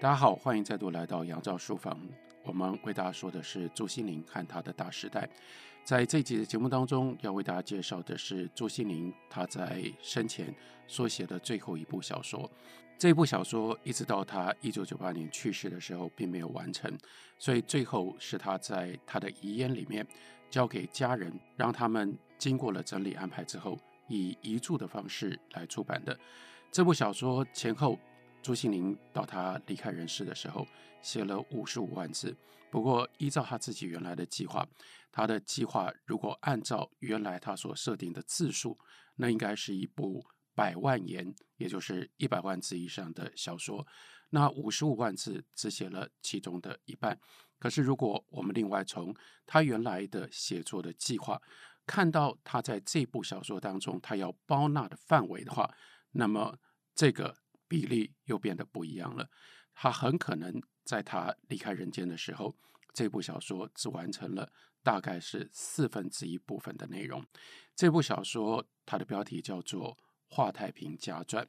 大家好，歡迎再度來到楊照書房。我們為大家說的是朱西甯和他的大時代。在這一集的節目當中，要為大家介紹的是朱西甯他在生前所寫的最後一部小說。這部小說一直到他一九九八年去世的時候，並沒有完成，所以最後是他在他的遺言裡面交給家人，讓他們經過了整理安排之後，以遺著的方式來出版的。這部小說前後。朱西甯到他離開人世的時候，寫了五十五萬字。不過，依照他自己原來的計劃，他的計劃如果按照原來他所設定的字數，那應該是一部百萬言，也就是一百萬字以上的小說。那五十五萬字只寫了其中的一半。可是，如果我們另外從他原來的寫作的計劃，看到他在這部小說當中他要包納的範圍的話，那麼這個。比例又變得不一樣了。他很可能在他離開人間的時候，這部小說只完成了大概是四分之一部分的內容。這部小說它的標題叫做《華太平家傳》，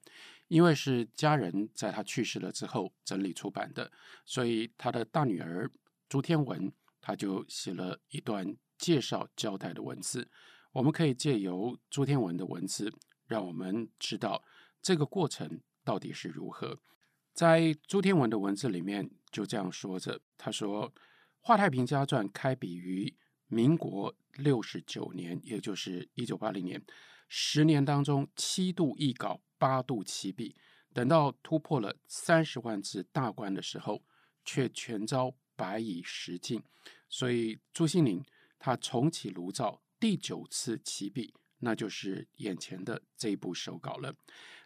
因為是家人在他去世了之後整理出版的，所以他的大女兒朱天文她就寫了一段介紹交代的文字。我們可以借由朱天文的文字，讓我們知道這個過程。到底是如何？在朱天文的文字裡面就這樣說着：“他說，《華太平家傳》開筆於民國六十九年，也就是一九八零年。十年當中，七度易稿，八度起筆。等到突破了三十萬字大關的時候，卻全遭白蟻蝕盡。所以，朱西甯他重啟爐灶，第九次起筆，那就是眼前的這一部手稿了。”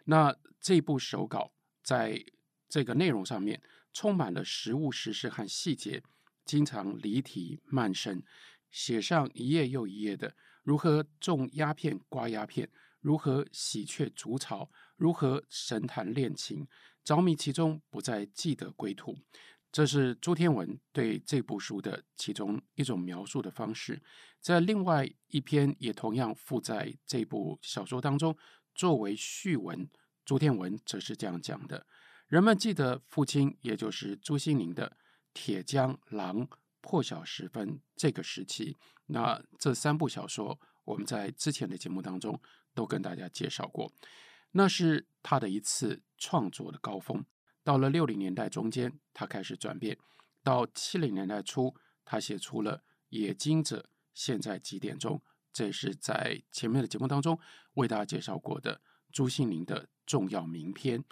那這部手稿在這個內容上面充滿了實物、實事和細節，經常離題蔓生，寫上一頁又一頁的，如何種鴉片、刮鴉片，如何喜鵲築巢，如何神談戀情，着迷其中，不再記得歸途。這是朱天文對這部書的其中一種描述的方式，在另外一篇也同樣附在這部小說當中。作為序文，朱天文則是這樣講的：人們記得父親，也就是朱西寧的《鐵漿》《狼》《破曉時分》這個時期。那這三部小說，我們在之前的節目當中都跟大家介紹過。那是他的一次創作的高峰。到了六零年代中間，他開始轉變；到七零年代初，他寫出了《冶金者》。現在幾點鐘？這也是在前面的節目當中為大家介紹過的朱西甯的重要名篇。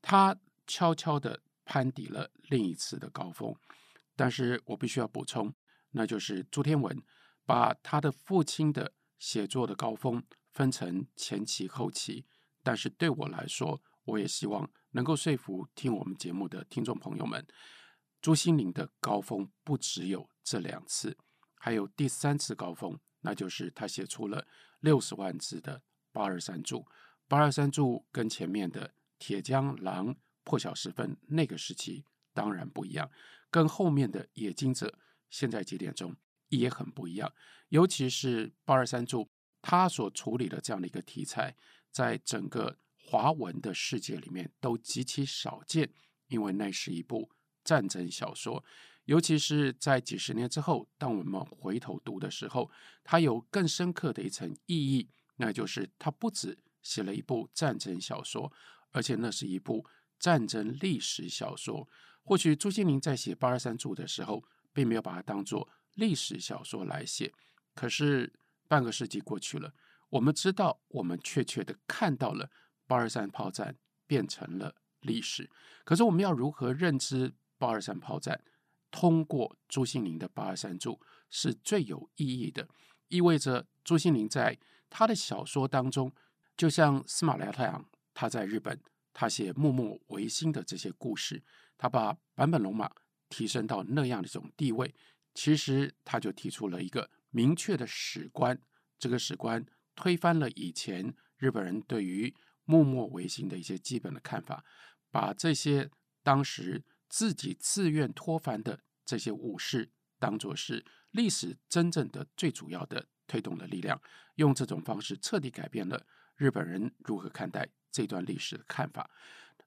他悄悄的攀抵了另一次的高峰，但是我必須要補充，那就是朱天文把他的父親的寫作的高峰分成前期、後期。但是對我來說，我也希望能夠說服聽我們節目的聽眾朋友們，朱西甯的高峰不只有這兩次，還有第三次高峰。那就是他寫出了六十萬字的《八二三注》，《八二三注》跟前面的《鐵漿》《狼》《破曉時分》那個時期當然不一樣，跟後面的《冶金者》《現在幾點鐘》也很不一樣。尤其是《八二三注》，他所處理的這樣的一個題材，在整個華文的世界裡面都極其少見，因為那是一部戰爭小說。尤其是在幾十年之後，當我們回頭讀的時候，它有更深刻的一層意義。那就是，它不只寫了一部戰爭小說，而且那是一部戰爭歷史小說。或許朱西甯在寫《八二三註》的時候，並沒有把它當作歷史小說來寫。可是，半個世紀過去了，我們知道，我們確切地看到了八二三炮戰變成了歷史。可是，我們要如何認知八二三炮戰？通過朱西甯的《八二三註》是最有意義的，意味着朱西甯在他的小說當中，就像司馬遼太郎他在日本，他寫幕末維新的這些故事，他把坂本龍馬提升到那樣的一種地位，其實他就提出了一個明確的史觀，這個史觀推翻了以前日本人對於幕末維新的一些基本的看法，把這些當時自己自願脫藩的這些武士，當做是歷史真正的最主要的推動的力量，用這種方式徹底改變了日本人如何看待這段歷史的看法。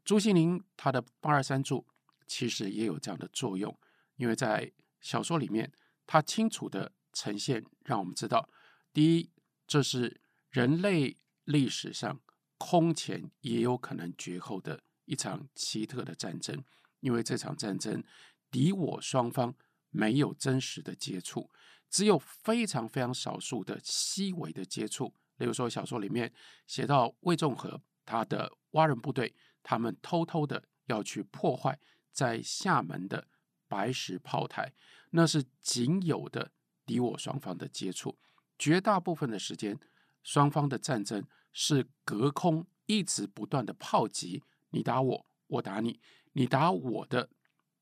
朱西甯他的《八二三注》其實也有這樣的作用，因為在小說裡面，他清楚地呈現，讓我們知道，第一，這是人類歷史上空前也有可能絕後的一場奇特的戰爭。因為這場戰爭，敵我雙方沒有真實的接觸，只有非常非常少數的細微的接觸。例如說，小說裡面寫到魏仲和他的蛙人部隊，他們偷偷的要去破壞在廈門的白石炮台，那是僅有的敵我雙方的接觸。絕大部分的時間，雙方的戰爭是隔空一直不斷的炮擊，你打我，我打你。你打我的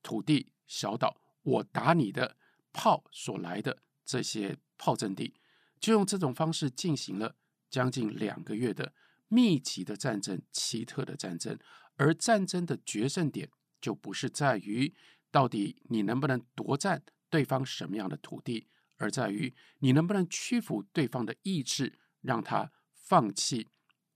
土地小島，我打你的炮所來的這些炮陣地，就用這種方式進行了將近兩個月的密集的戰爭，奇特的戰爭。而戰爭的決勝點就不是在於到底你能不能奪占對方什麼樣的土地，而在於你能不能屈服對方的意志，讓他放棄。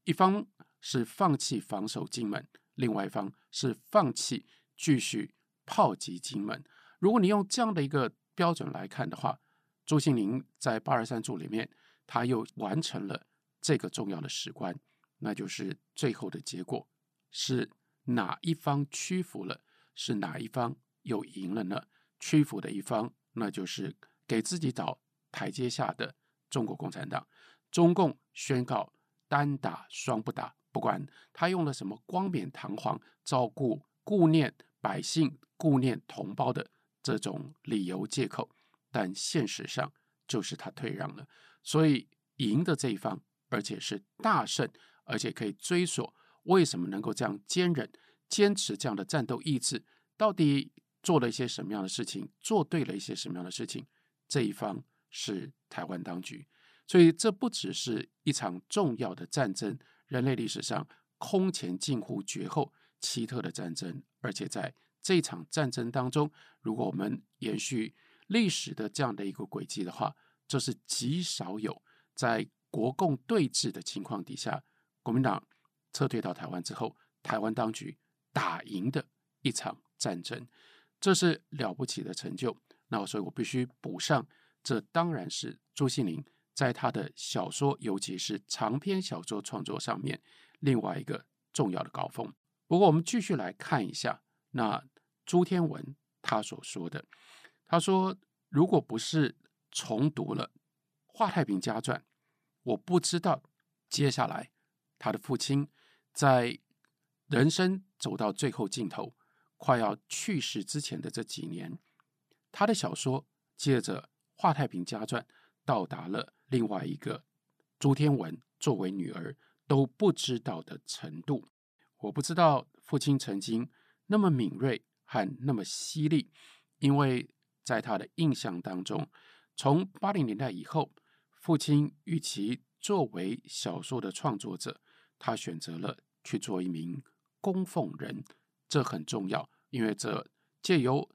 一方是放棄防守金門。另外一方是放棄繼續炮擊金門。如果你用這樣的一個標準來看的話，朱西甯在八二三注裡面，他又完成了這個重要的史觀，那就是最後的結果是哪一方屈服了，是哪一方又贏了呢？屈服的一方，那就是給自己找台階下的中國共產黨。中共宣告單打雙不打。不管他用了什麼冠冕堂皇、照顧、顧念百姓、顧念同胞的這種理由借口，但現實上就是他退讓了。所以贏的這一方，而且是大勝，而且可以追溯為什麼能夠這樣堅韌、堅持這樣的戰鬥意志，到底做了一些什麼樣的事情，做對了一些什麼樣的事情。這一方是台灣當局，所以這不只是一場重要的戰爭。人類歷史上空前、近乎絕後、奇特的戰爭，而且在這場戰爭當中，如果我們延續歷史的這樣的一個軌跡的話，這是極少有在國共對峙的情況底下，國民黨撤退到台灣之後，台灣當局打贏的一場戰爭，這是了不起的成就。那我所以我必須補上，這當然是朱西甯，在他的小說，尤其是長篇小說創作上面，另外一個重要的高峰。不過，我們繼續來看一下，那朱天文他所說的，他說：“如果不是重讀了《華太平家傳》，我不知道接下來他的父親在人生走到最後盡頭、快要去世之前的這幾年，他的小說借着《華太平家傳》到達了。”另外一個，朱天文作為女兒都不知道的程度，我不知道父親曾經那麼敏銳和那麼犀利。因為在他的印象當中，從八零年代以後，父親與其作為小說的創作者，他選擇了去做一名供奉人，這很重要，因為這借由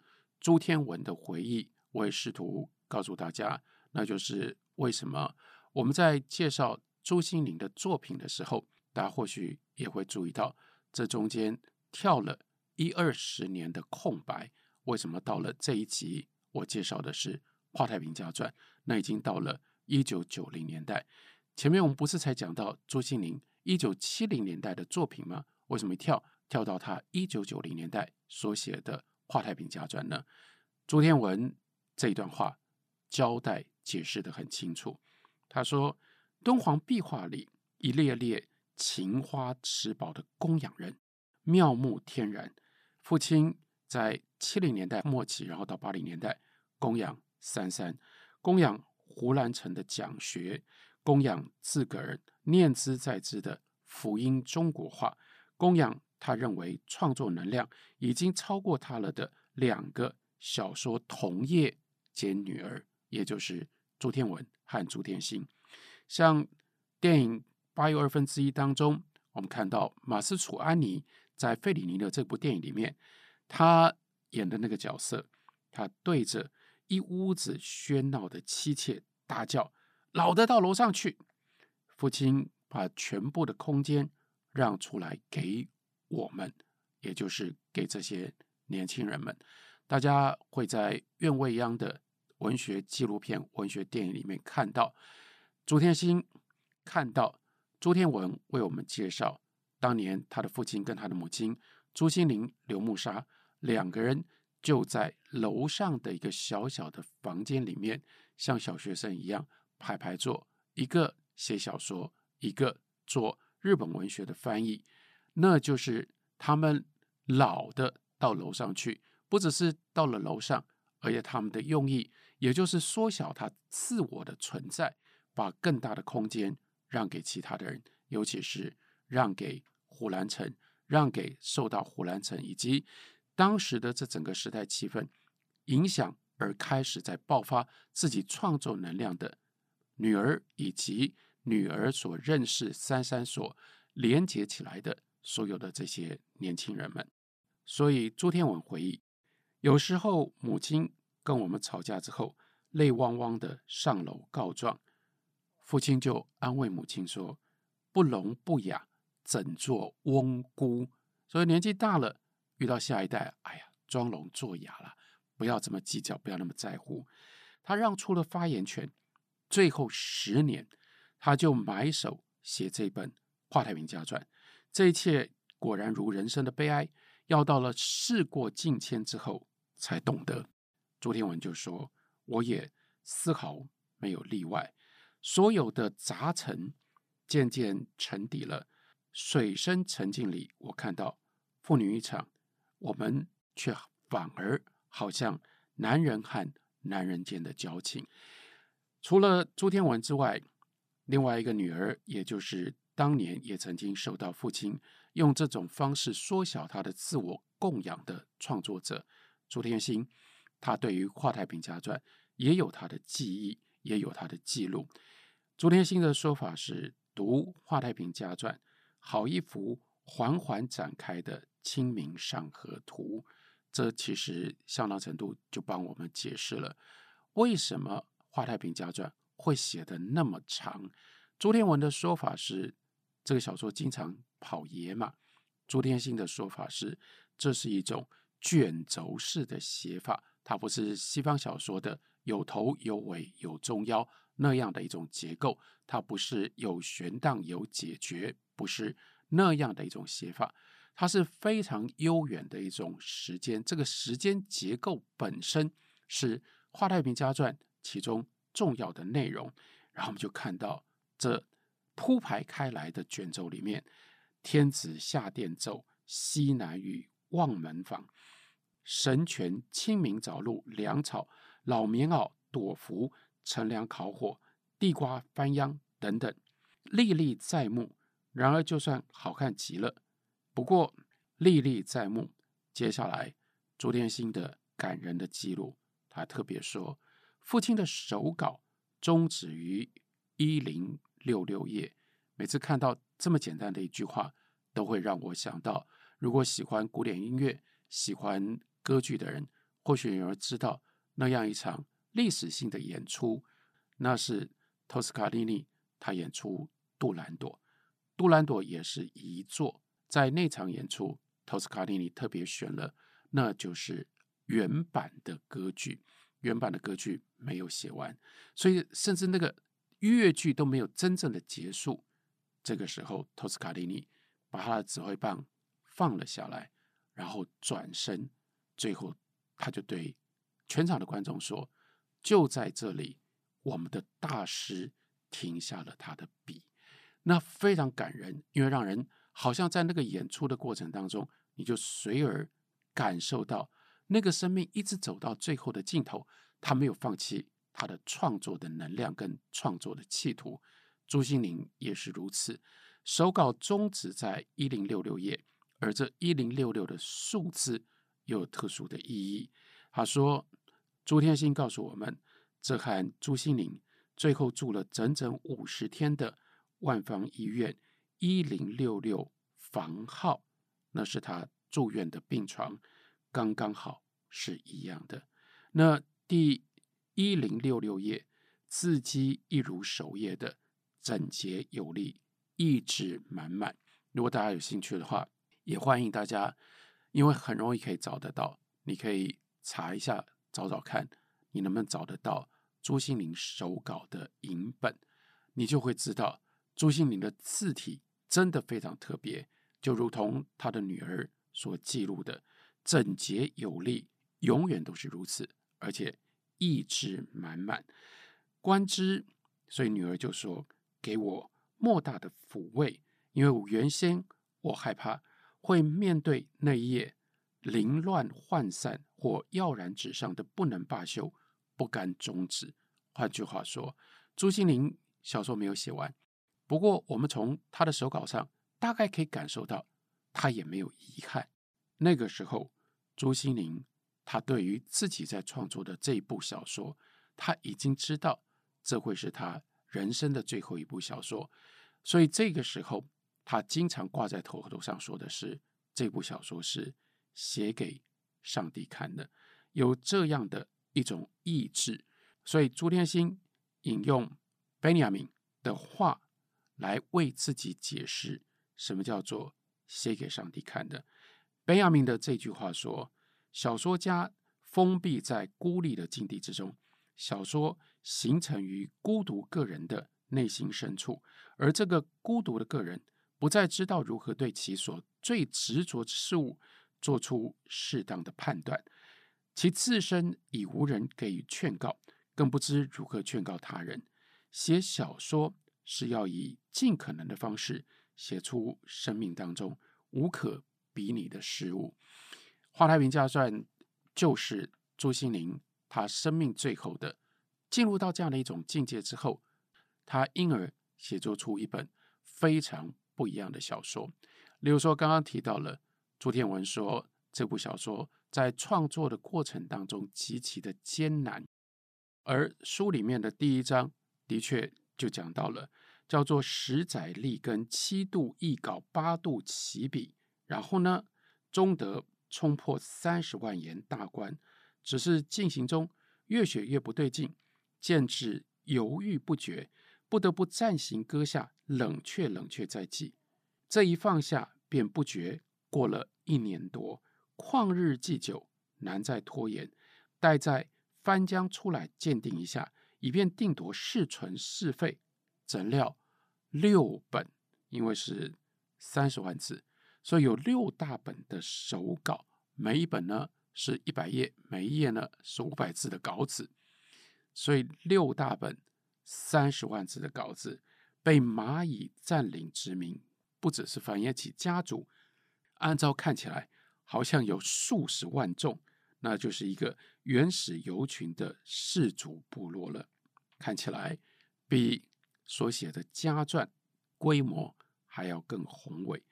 朱天文的回憶，我也試圖告訴大家，那就是。為什麼我們在介紹朱西甯的作品的時候，大家或許也會注意到，這中間跳了一二十年的空白。為什麼到了這一集，我介紹的是《華太平家傳》，那已經到了一九九零年代。前面我們不是才講到朱西甯一九七零年代的作品嗎？為什麼一跳跳到他一九九零年代所寫的《華太平家傳》呢？朱天文這一段話交代。解釋得很清楚。他說：“敦煌壁畫裡一列列勤花持寶的供養人，妙目天然。父親在七零年代末期，然後到八零年代，供養三三，供養胡蘭成的講學，供養自個兒念茲在茲的福音中國化，供養他認為創作能量已經超過他了的兩個小說同業兼女兒。”也就是朱天文和朱天心，像電影《八又二分之一》當中，我們看到馬斯楚安尼在費里尼的這部電影裡面，他演的那個角色，他對着一屋子喧鬧的妻妾大叫：“老的到樓上去！”父親把全部的空間讓出來給我們，也就是給這些年輕人們。大家會在《願未央》的文學紀錄片、文學電影裡面看到，朱天心看到朱天文為我們介紹，當年他的父親跟他的母親朱西甯、劉慕沙兩個人就在樓上的一個小小的房間裡面，像小學生一樣排排坐，一個寫小說，一個做日本文學的翻譯，那就是他們老的到樓上去，不只是到了樓上，而且他們的用意。也就是縮小他自我的存在，把更大的空間讓給其他的人，尤其是讓給胡蘭成，讓給受到胡蘭成以及當時的這整個時代氣氛影響而開始在爆發自己創作能量的女兒，以及女兒所認識、三三所連接起來的所有的這些年輕人們。所以朱天文回憶，有時候母親。跟我們吵架之後，淚汪汪的上樓告狀，父親就安慰母親說：“不聾不啞，怎做翁姑，所以年紀大了遇到下一代，哎呀，裝聾作啞了，不要這麼計較，不要那麼在乎。”他讓出了發言權，最後十年，他就埋首寫這本《華太平家傳》。這一切果然如人生的悲哀，要到了事過境遷之後才懂得。朱天文就說：“我也絲毫沒有例外，所有的雜陳漸漸沉底了，水深沉靜裡，我看到父女一場，我們卻反而好像男人和男人間的交情。除了朱天文之外，另外一個女兒，也就是當年也曾經受到父親用這種方式縮小她的自我供養的創作者朱天心。”他對於《華太平家傳》也有他的記憶，也有他的記錄。朱天心的說法是：讀《華太平家傳》，好一幅緩緩展開的《清明上河圖》。這其實相當程度就幫我們解釋了為什麼《華太平家傳》會寫得那麼長。朱天文的說法是：這個小說經常跑野馬。朱天心的說法是：這是一種卷軸式的寫法。它不是西方小說的有頭有尾有中腰那樣的一種結構，它不是有懸宕有解決，不是那樣的一種寫法。它是非常悠遠的一種時間，這個時間結構本身是《華太平家傳》其中重要的內容。然後我們就看到這鋪排開來的卷軸裡面，天子下殿、奏西南雨、望門坊。神泉、清明早露、糧草、老棉襖、朵服、乘涼烤火、地瓜翻、番秧等等，歷歷在目。然而，就算好看極了，不過歷歷在目。接下來，朱天心的感人的記錄，他特別說，父親的手稿終止於一零六六頁。每次看到這麼簡單的一句話，都會讓我想到，如果喜歡古典音樂，喜歡。歌劇的人或許有人知道那樣一場歷史性的演出，那是托斯卡尼尼他演出《杜蘭朵》，《杜蘭朵》也是遺作，在那場演出，托斯卡尼尼特別選了，那就是原版的歌劇，原版的歌劇沒有寫完，所以甚至那個樂劇都沒有真正的結束。這個時候，托斯卡尼尼把他的指揮棒放了下來，然後轉身。最後，他就對全場的觀眾說：“就在這裡，我們的大師停下了他的筆。那非常感人，因為讓人好像在那個演出的過程當中，你就隨而感受到那個生命一直走到最後的盡頭，他沒有放棄他的創作的能量跟創作的企圖。朱西甯也是如此，手稿終止在一零六六頁，而這一零六六的數字。”有特殊的意義。他說：“朱天心告訴我們，這和朱西甯最後住了整整五十天的萬方醫院一零六六房號，那是他住院的病床，剛剛好是一樣的。那第一零六六頁字迹一如首頁的整潔有力，意旨滿滿。如果大家有興趣的話，也歡迎大家。”因為很容易可以找得到，你可以查一下，找找看，你能不能找得到朱西甯手稿的影本，你就會知道朱西甯的字體真的非常特別，就如同他的女兒所記錄的，整潔有力，永遠都是如此，而且意志滿滿。觀之，所以女兒就說給我莫大的撫慰，因為我原先我害怕。會面對那一頁凌亂、渙散或躍然紙上的不能罷休、不甘終止。換句話說，朱西甯小說沒有寫完。不過，我們從他的手稿上大概可以感受到，他也沒有遺憾。那個時候，朱西甯他對於自己在創作的這一部小說，他已經知道這會是他人生的最後一部小說，所以這個時候。他經常掛在口頭上說的是這部小說是寫給上帝看的，有這樣的一種意志。所以朱天心引用本雅明的話來為自己解釋什麼叫做寫給上帝看的。本雅明的這句話說：小說家封閉在孤立的境地之中，小說形成於孤獨個人的內心深處，而這個孤獨的個人。不再知道如何對其所最執着之事物做出適當的判斷，其自身已無人給予勸告，更不知如何勸告他人。寫小說是要以盡可能的方式寫出生命當中無可比擬的事物，《華太平家傳》就是朱西甯他生命最後的。進入到這樣的一種境界之後，他因而寫作出一本非常。不一樣的小說，例如說剛剛提到了朱天文說，這部小說在創作的過程當中極其的艱難，而書裡面的第一章的確就講到了，叫做十載力耕，七度易稿，八度起筆，然後呢終得衝破三十萬言大關，只是進行中越寫越不對勁，漸至猶豫不決。不得不暫行擱下，冷卻冷卻再計。這一放下便不覺過了一年多，曠日既久，難再拖延，待在翻江出來鑑定一下，以便定奪是存是廢。怎料六本，因為是三十萬字，所以有六大本的手稿，每一本呢是一百頁，每一頁呢是五百字的稿紙，所以六大本。三十萬字的稿子被螞蟻占領殖民，不只是繁衍起家族，按照看起來好像有數十萬眾，那就是一個原始游群的氏族部落了。看起來比所寫的家傳規模還要更宏偉。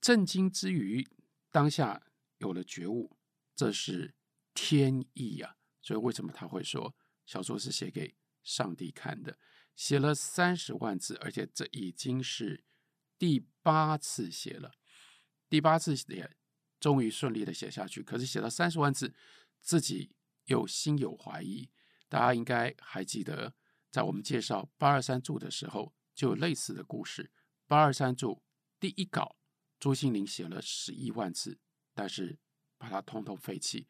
震驚之餘，當下有了覺悟，這是天意啊！所以為什麼他會說小說是寫給上帝看的寫了三十萬字，而且這已經是第八次寫了，第八次也終於順利的寫下去。可是寫到三十萬字，自己又心有懷疑。大家應該還記得，在我們介紹《八二三注》的時候，就有類似的故事。《八二三注》第一稿，朱西甯寫了十一萬字，但是把它通通廢棄。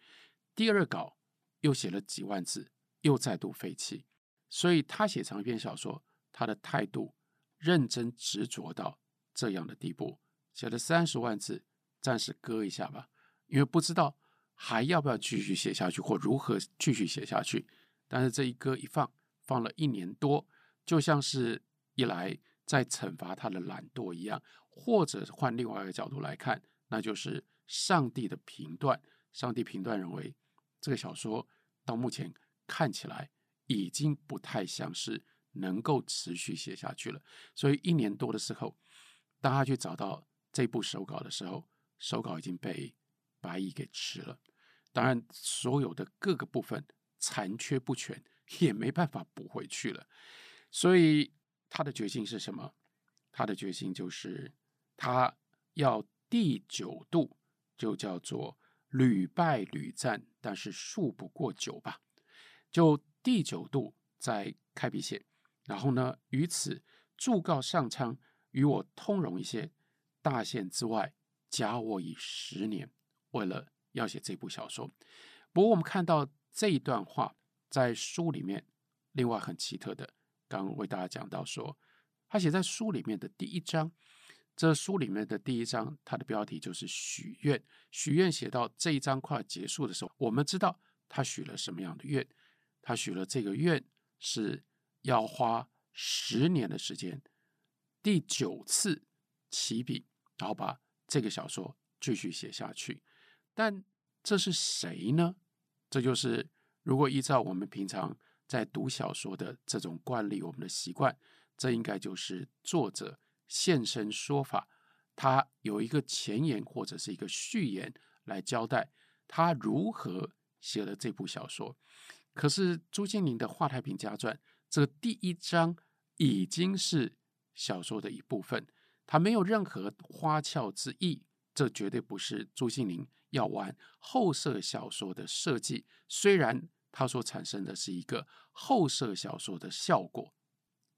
第二稿又寫了幾萬字，又再度廢棄。所以他寫長篇小說，他的態度認真執着到這樣的地步，寫了三十萬字，暫時擱一下吧，因為不知道還要不要繼續寫下去，或如何繼續寫下去。但是這一擱一放，放了一年多，就像是一來在懲罰他的懶惰一樣，或者換另外一個角度來看，那就是上帝的評斷。上帝評斷認為，這個小說到目前看起來，已經不太像是能夠持續寫下去了，所以一年多的時候，當他去找到這部手稿的時候，手稿已經被白蟻給吃了。當然，所有的各個部分殘缺不全，也沒辦法補回去了。所以他的決心是什麼？他的決心就是他要第九度，就叫做屢敗屢戰，但是數不過九吧，就。第九度再開筆線，然後呢，於此祝告上蒼，與我通融一些，大限之外加我以十年，為了要寫這部小說。不過，我們看到這一段話在書裡面，另外很奇特的，剛，剛為大家講到說，他寫在書裡面的第一章，這書裡面的第一章，它的標題就是許願。許願寫到這一章快要結束的時候，我們知道他許了什麼樣的願。他許了這個願，是要花十年的時間，第九次起筆，然後把這個小說繼續寫下去。但這是誰呢？這就是如果依照我們平常在讀小說的這種慣例，我們的習慣，這應該就是作者現身說法，他有一個前言或者是一個序言來交代他如何寫了這部小說。可是朱西甯的《華太平家傳》這第一章已經是小說的一部分，它沒有任何花俏之意。這絕對不是朱西甯要玩後設小說的設計，雖然它所產生的是一個後設小說的效果。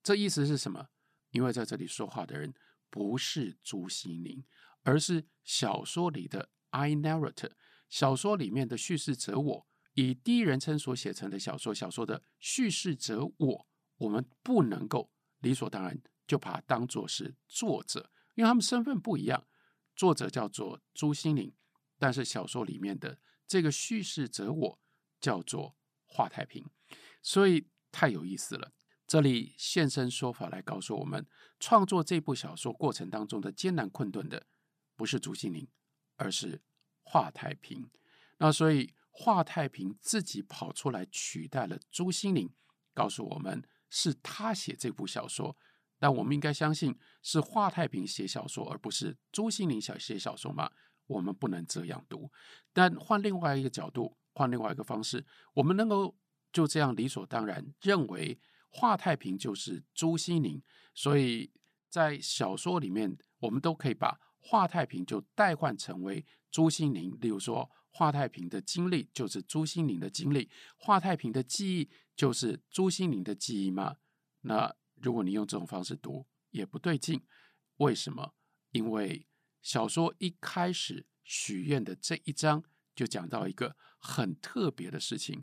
這意思是什麼？因為在這裡說話的人不是朱西甯，而是小說裡的 I narrator，小說裡面的敘事者我。以第一人稱所寫成的小說，小說的敘事者我，我們不能夠理所當然就把它當做是作者，因為他們身份不一樣。作者叫做朱西甯，但是小說裡面的這個敘事者我叫做華太平，所以太有意思了。這裡現身說法來告訴我們，創作這部小說過程當中的艱難困頓的，不是朱西甯，而是華太平。那所以。華太平自己跑出來取代了朱西甯，告訴我們是他寫這部小說，但我們應該相信是華太平寫小說，而不是朱西甯想寫小說嗎？我們不能這樣讀。但換另外一個角度，換另外一個方式，我們能夠就這樣理所當然認為華太平就是朱西甯，所以在小說裡面，我們都可以把華太平就代換成為朱西甯，例如說。華太平的經歷就是朱西甯的經歷，華太平的記憶就是朱西甯的記憶嗎？那如果你用這種方式讀也不對勁，為什麼？因為小說一開始許願的這一章，就講到一個很特別的事情，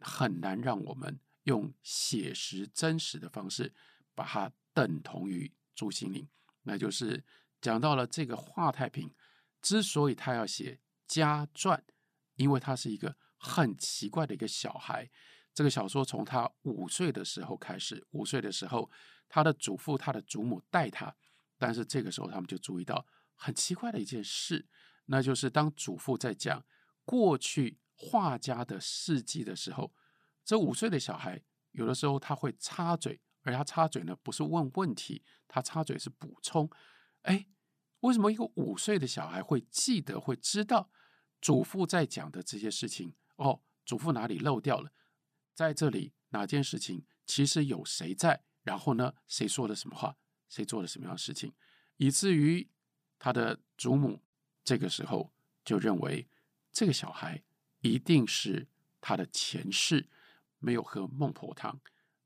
很難讓我們用寫實真實的方式把它等同於朱西甯。那就是講到了這個華太平之所以他要寫。家傳，因為他是一個很奇怪的一個小孩。這個小說從他五歲的時候開始，五歲的時候，他的祖父、他的祖母帶他，但是這個時候他們就注意到很奇怪的一件事，那就是當祖父在講過去華家的事蹟的時候，這五歲的小孩有的時候他會插嘴，而他插嘴呢不是問問題，他插嘴是補充。哎、欸，為什麼一個五歲的小孩會記得會知道？祖父在講的這些事情哦，祖父哪裡漏掉了？在這裡哪件事情其實有誰在？然後呢，誰說了什麼話？誰做了什麼樣的事情？以至於他的祖母這個時候就認為這個小孩一定是他的前世沒有喝孟婆湯，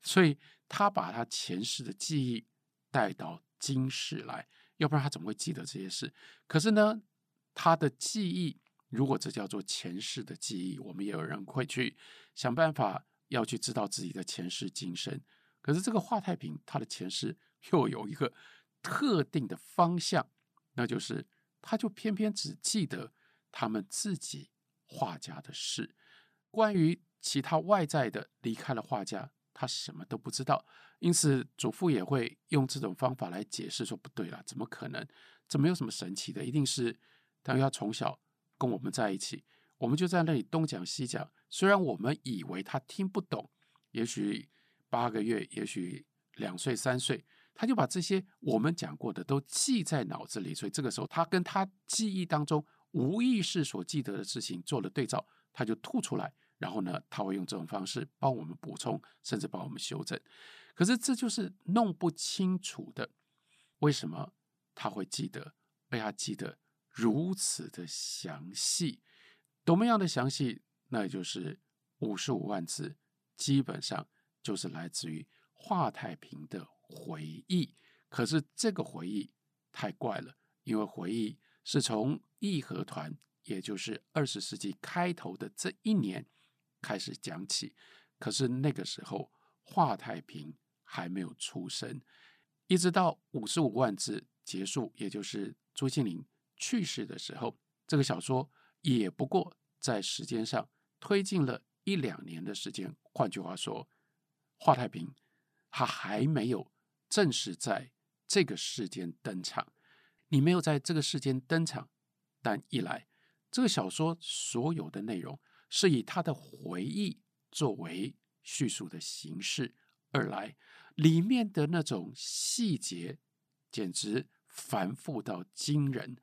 所以他把他前世的記憶帶到今世來，要不然他怎麼會記得這些事？可是呢，他的記憶。如果這叫做前世的記憶，我們也有人會去想辦法要去知道自己的前世今生。可是這個華太平他的前世又有一個特定的方向，那就是他就偏偏只記得他們自己華家的事，關於其他外在的離開了華家，他什麼都不知道。因此祖父也會用這種方法來解釋說：“不對了，怎麼可能？這沒有什麼神奇的，一定是他要從小。”跟我們在一起，我們就在那裡東講西講。雖然我們以為他聽不懂，也許八個月，也許兩歲三歲，他就把這些我們講過的都記在腦子裡。所以這個時候，他跟他記憶當中無意識所記得的事情做了對照，他就吐出來。然後呢，他會用這種方式幫我們補充，甚至幫我們修正。可是這就是弄不清楚的，為什麼他會記得？被他記得？如此的詳細，多麼樣的詳細？那也就是五十五萬字，基本上就是來自於華太平的回憶。可是這個回憶太怪了，因為回憶是從義和團，也就是二十世紀開頭的這一年開始講起。可是那個時候華太平還沒有出生，一直到五十五萬字結束，也就是朱西甯。去世的時候，這個小說也不過在時間上推進了一兩年的時間。換句話說，華太平他還沒有正式在這個世間登場。你沒有在這個世間登場，但一來，這個小說所有的內容是以他的回憶作為敘述的形式；二來，裡面的那種細節簡直繁複到驚人。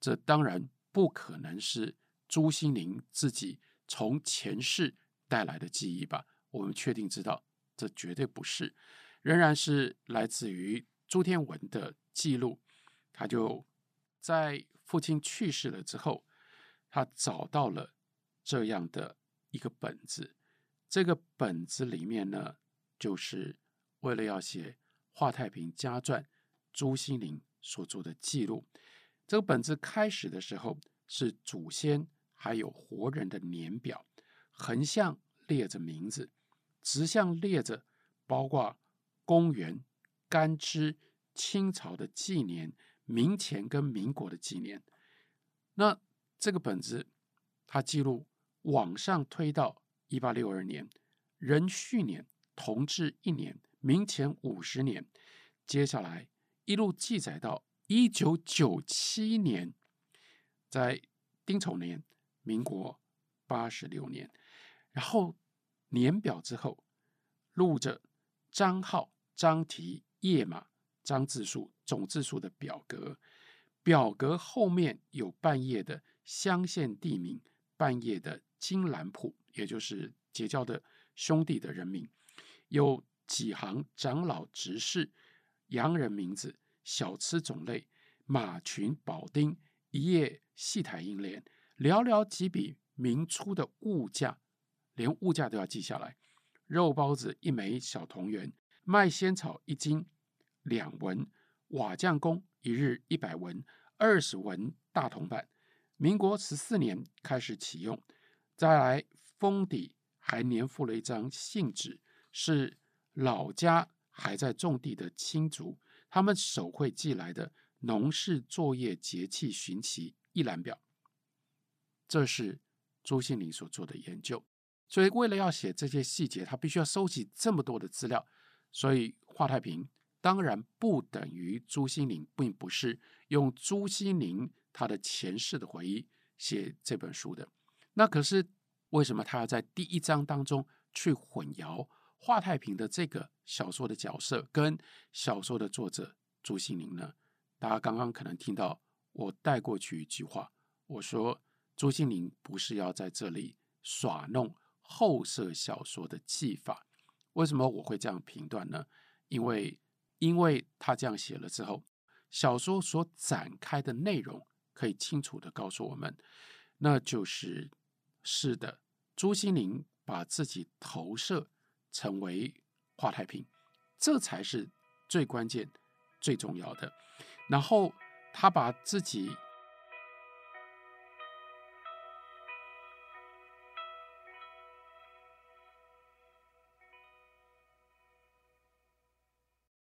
這當然不可能是朱西甯自己從前世帶來的記憶吧？我們確定知道，這絕對不是，仍然是來自於朱天文的記錄。他就在父親去世了之後，他找到了這樣的一個本子。這個本子裡面呢，就是為了要寫《華太平家傳》，朱西甯所做的記錄。這個本子開始的時候，是祖先還有活人的年表，橫向列着名字，直向列着包括公元、干支、清朝的紀年、民前跟民國的紀年。那這個本子它記錄往上推到一八六二年，壬戌年、同治一年、民前五十年，接下來一路記載到一九九七年，在丁丑年，民國八十六年。然後年表之後，錄着章號、章題、頁碼、章字數、總字數的表格。表格後面有半頁的鄉縣地名，半頁的金蘭譜，也就是結交的兄弟的人名，有幾行長老執事、洋人名字。小吃種類：馬群、保丁、一夜、戲臺、銀蓮。寥寥幾筆，民初的物價，連物價都要記下來。肉包子一枚小，小銅元；賣仙草一斤，兩文；瓦匠工一日一百文，二十文大銅板。民國十四年開始啟用。再來封底，還粘附了一張信紙，是老家還在種地的親族。他們手繪寄來的農事作業節氣巡棋一覽表，這是朱西甯所做的研究。所以，為了要寫這些細節，他必須要收集這麼多的資料。所以，華太平當然不等於朱西甯，並不是用朱西甯他的前世的回憶寫這本書的。那可是為什麼他要在第一章當中去混淆？華太平的這個小說的角色跟小說的作者朱西甯呢，大家剛剛可能聽到我帶過去一句話，我說朱西甯不是要在這裡耍弄後設小說的技法，為什麼我會這樣評斷呢？因為，因為他這樣寫了之後，小說所展開的內容可以清楚地告訴我們，那就是是的，朱西甯把自己投射。成為華太平，這才是最關鍵、最重要的。然後他把自己。